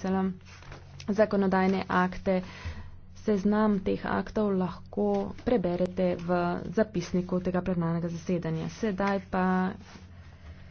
sicer zakonodajne akte. Seznam teh aktov lahko preberete v zapisniku tega plenarnega zasedanja. Sedaj pa